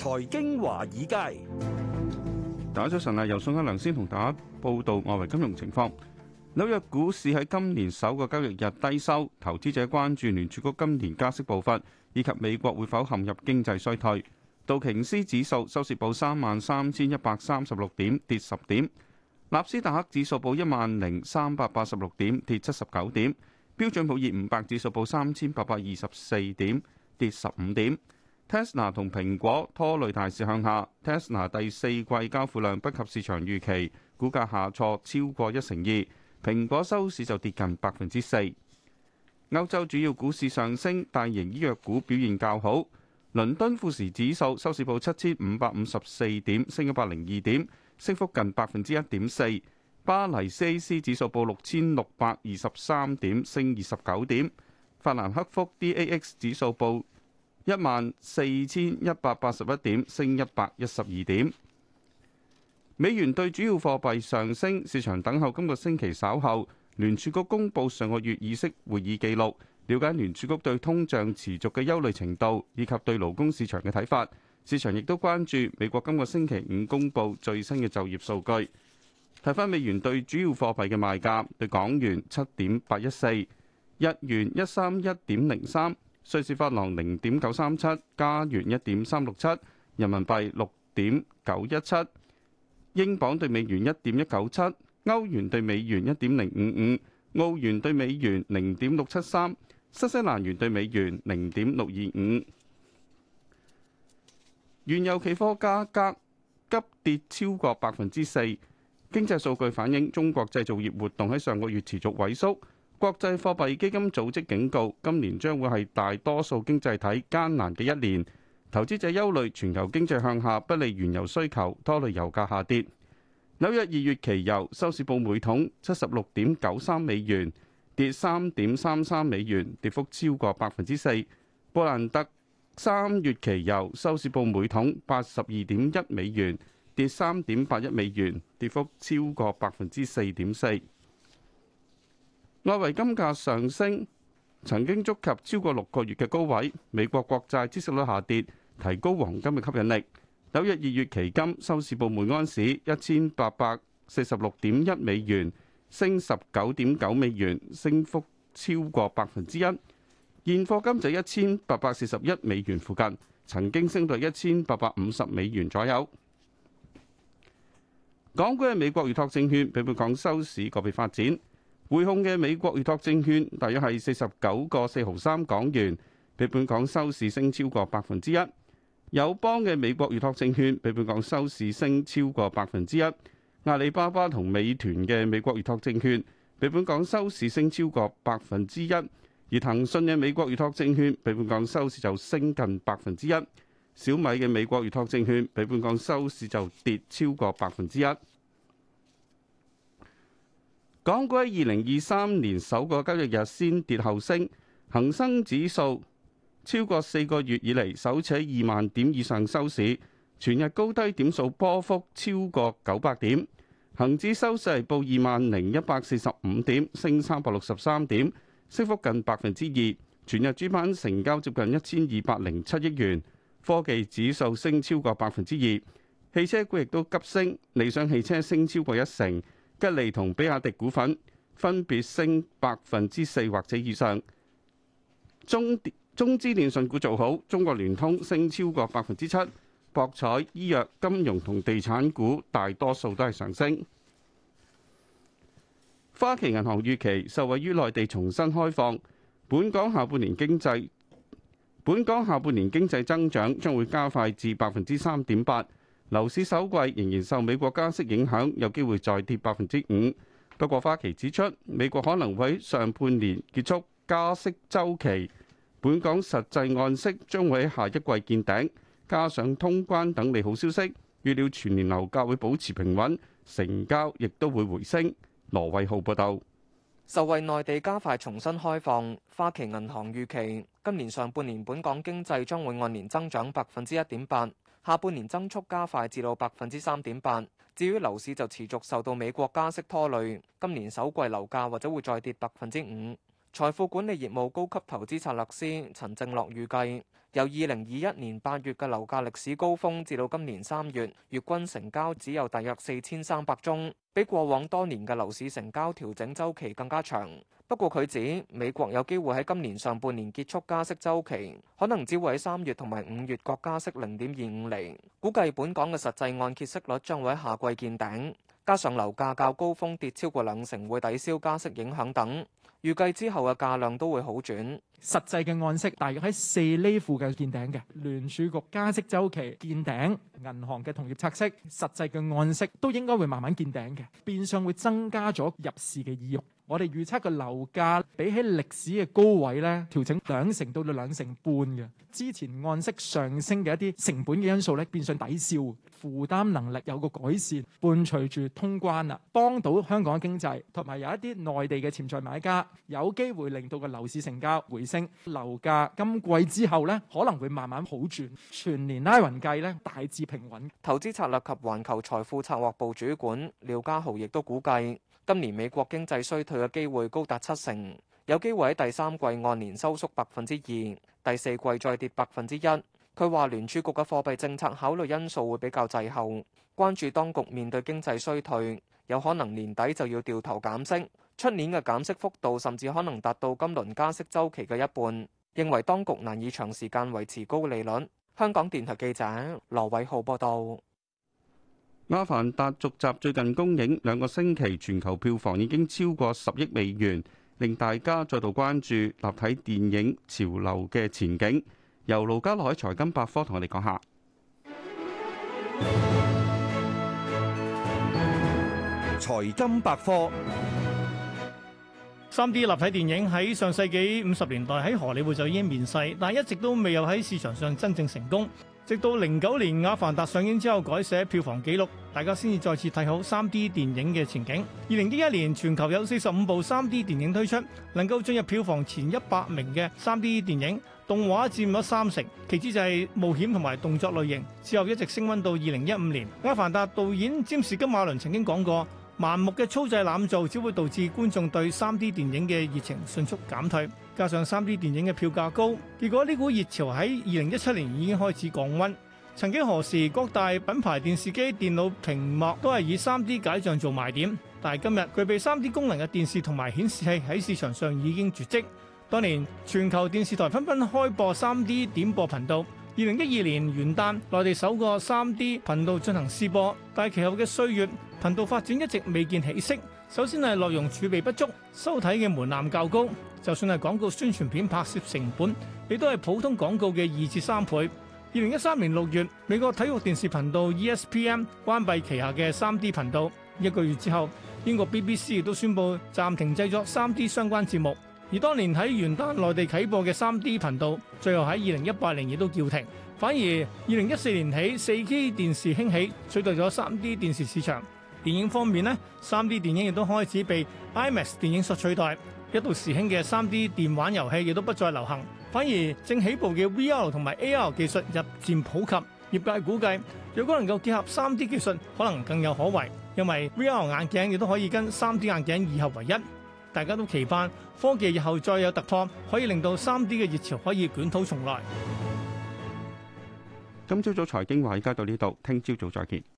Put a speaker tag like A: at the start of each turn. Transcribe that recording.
A: 財
B: 經華爾街，大家早晨啊！由宋一良先同大家報道外圍金融情況。紐約股市喺今年首個交易日低收，投資者關注聯儲局今年加息步伐以及美國會否陷入經濟衰退。道瓊斯指數收市報三萬三千一百三十六點，跌十點；納斯達克指數報一萬零三百八十六點，跌七十九點；標準普爾五百指數報三千八百二十四點，跌十五點。Tesla 同蘋果拖累大市向下。Tesla 第四季交付量不及市場預期，股價下挫超過一成二。蘋果收市就跌近百分之四。歐洲主要股市上升，大型醫藥股表現較好。倫敦富時指數收市報七千五百五十四點，升一百零二點，升幅近百分之一點四。巴黎 CAC 指數報六千六百二十三點，升二十九點。法蘭克福 DAX 指數報一萬四千一百八十一點，升一百一十二點。美元對主要貨幣上升，市場等候今個星期稍後聯儲局公布上個月議息會議記錄，了解聯儲局對通脹持續嘅憂慮程度以及對勞工市場嘅睇法。市場亦都關注美國今個星期五公布最新嘅就業數據。睇返美元對主要貨幣嘅賣價，對港元七點八一四，日元一三一點零三。瑞士法郎零點九三七，加元一點三六七，人民幣六點九一七，英鎊對美元一點一九七，歐元對美元一點零五五，澳元對美元零點六七三，新西蘭元對美元零點六二五。原油期貨價格急跌超過百分之四，經濟數據反映中國製造業活動喺上個月持續萎縮。國際貨幣基金組織警告，今年將會係大多數經濟體艱難嘅一年。投資者憂慮全球經濟向下，不利原油需求，拖累油價下跌。紐約二月期油收市報每桶七十六點九三美元，跌三點三三美元，跌幅超過百分之四。布蘭特三月期油收市報每桶八十二點一美元，跌三點八一美元，跌幅超過百分之四點四。外圍金價上升，曾經觸及超過六個月嘅高位。美國國債孳息率下跌，提高黃金嘅吸引力。紐約二月期金收市報每安士一千八百四十六點一美元，升十九點九美元，升幅超過百分之一。現貨金就一千八百四十一美元附近，曾經升到一千八百五十美元左右。港股嘅美國預託證券俾佢講，收市個別發展。匯控嘅美國預託證券大約係四十九個四毫三港元，比本港收市升超過百分之一。友邦嘅美國預託證券比本港收市升超過百分之一。阿里巴巴同美團嘅美國預託證券比本港收市升超過百分之一，而騰訊嘅美國預託證券比本港收市就升近百分之一。小米嘅美國預託證券比本港收市就跌超過百分之一。港股喺二零二三年首個交易日先跌後升，恒生指數超過四個月以嚟首次喺二萬點以上收市，全日高低點數波幅超過九百點，恒指收市報二萬零一百四十五點，升三百六十三點，升幅近百分之二。全日主板成交接近一千二百零七億元，科技指數升超過百分之二，汽車股亦都急升，理想汽車升超過一成。吉利同比亞迪股份分別升百分之四或者以上，中中資電信股做好，中國聯通升超過百分之七，博彩、醫藥、金融同地產股大多數都係上升。花旗銀行預期受惠於內地重新開放，本港下半年經濟本港下半年經濟增長將會加快至百分之三點八。樓市首季仍然受美國加息影響，有機會再跌百分之五。不過花旗指出，美國可能會喺上半年結束加息週期，本港實際按息將會喺下一季見頂，加上通關等利好消息，預料全年樓價會保持平穩，成交亦都會回升。羅偉浩報道。
C: 受惠內地加快重新開放，花旗銀行預期今年上半年本港經濟將會按年增長百分之一點八。下半年增速加快至到百分之三點八，至於樓市就持續受到美國加息拖累，今年首季樓價或者會再跌百分之五。財富管理業務高級投資策略師陳正樂預計，由二零二一年八月嘅樓價歷史高峰至到今年三月，月均成交只有大約四千三百宗，比過往多年嘅樓市成交調整週期更加長。不過佢指，美國有機會喺今年上半年結束加息週期，可能只會喺三月同埋五月各加息零點二五厘。估計本港嘅實際按揭息率將會喺下季見頂，加上樓價較高峰跌超過兩成，會抵消加息影響等。預計之後嘅價量都會好轉。實際嘅按息大約喺四厘附近見頂嘅，聯儲局加息周期見頂，銀行嘅同業拆息實際嘅按息都應該會慢慢見頂嘅，變相會增加咗入市嘅意欲。我哋預測嘅樓價比起歷史嘅高位咧，調整兩成到兩成半嘅。之前按息上升嘅一啲成本嘅因素咧，變相抵消，負擔能力有個改善，伴隨住通關啊，幫到香港經濟，同埋有一啲內地嘅潛在買家有機會令到個樓市成交回升。樓價今季之後呢，可能會慢慢好轉，全年拉勻計呢，大致平穩。投資策略及環球財富策劃部主管廖家豪亦都估計，今年美國經濟衰退嘅機會高達七成，有機會喺第三季按年收縮百分之二，第四季再跌百分之一。佢話聯儲局嘅貨幣政策考慮因素會比較滯後，關注當局面對經濟衰退，有可能年底就要掉頭減息。出年嘅減息幅度甚至可能達到今輪加息週期嘅一半，認為當局難以長時間維持高利率。香港電台記者羅偉浩報道。
B: 《阿凡達》續集最近公映兩個星期，全球票房已經超過十億美元，令大家再度關注立體電影潮流嘅前景。由盧家海財金百科同我哋講下財金百科。
A: 3D 立體電影喺上世紀五十年代喺荷里活就已經面世，但一直都未有喺市場上真正成功。直到零九年《阿凡達》上映之後改寫票房記錄，大家先至再次睇好 3D 電影嘅前景。二零一一年全球有四十五部 3D 電影推出，能夠進入票房前一百名嘅 3D 電影，動畫佔咗三成，其次就係冒險同埋動作類型。之後一直升溫到二零一五年，《阿凡達》導演詹士·金馬倫曾經講過。盲目嘅粗製濫造，只會導致觀眾對三 D 電影嘅熱情迅速減退。加上三 D 電影嘅票價高，結果呢股熱潮喺二零一七年已經開始降溫。曾幾何時各大品牌電視機、電腦屏幕都係以三 D 解像做賣點，但係今日具備三 D 功能嘅電視同埋顯示器喺市場上已經絕迹。當年全球電視台紛紛開播三 D 點播頻道。二零一二年元旦，內地首個 3D 頻道進行試播，但係其後嘅歲月，頻道發展一直未見起色。首先係內容儲備不足，收睇嘅門檻較高，就算係廣告宣傳片拍攝成本，亦都係普通廣告嘅二至三倍。二零一三年六月，美國體育電視頻道 ESPN 關閉旗下嘅 3D 頻道，一個月之後，英國 BBC 亦都宣布暫停製作 3D 相關節目。而當年喺元旦內地啟播嘅 3D 頻道，最後喺2018年亦都叫停。反而2014年起 4K 電視興起，取代咗 3D 電視市場。電影方面呢，3D 電影亦都開始被 IMAX 電影所取代。一度時興嘅 3D 電玩遊戲亦都不再流行，反而正起步嘅 VR 同埋 AR 技術日漸普及。業界估計，若果能夠結合 3D 技術，可能更有可為，因為 VR 眼鏡亦都可以跟 3D 眼鏡二合為一。大家都期盼科技日後再有突破，可以令到三 D 嘅熱潮可以捲土重來。
B: 今朝早財經話而家到呢度，聽朝早再見。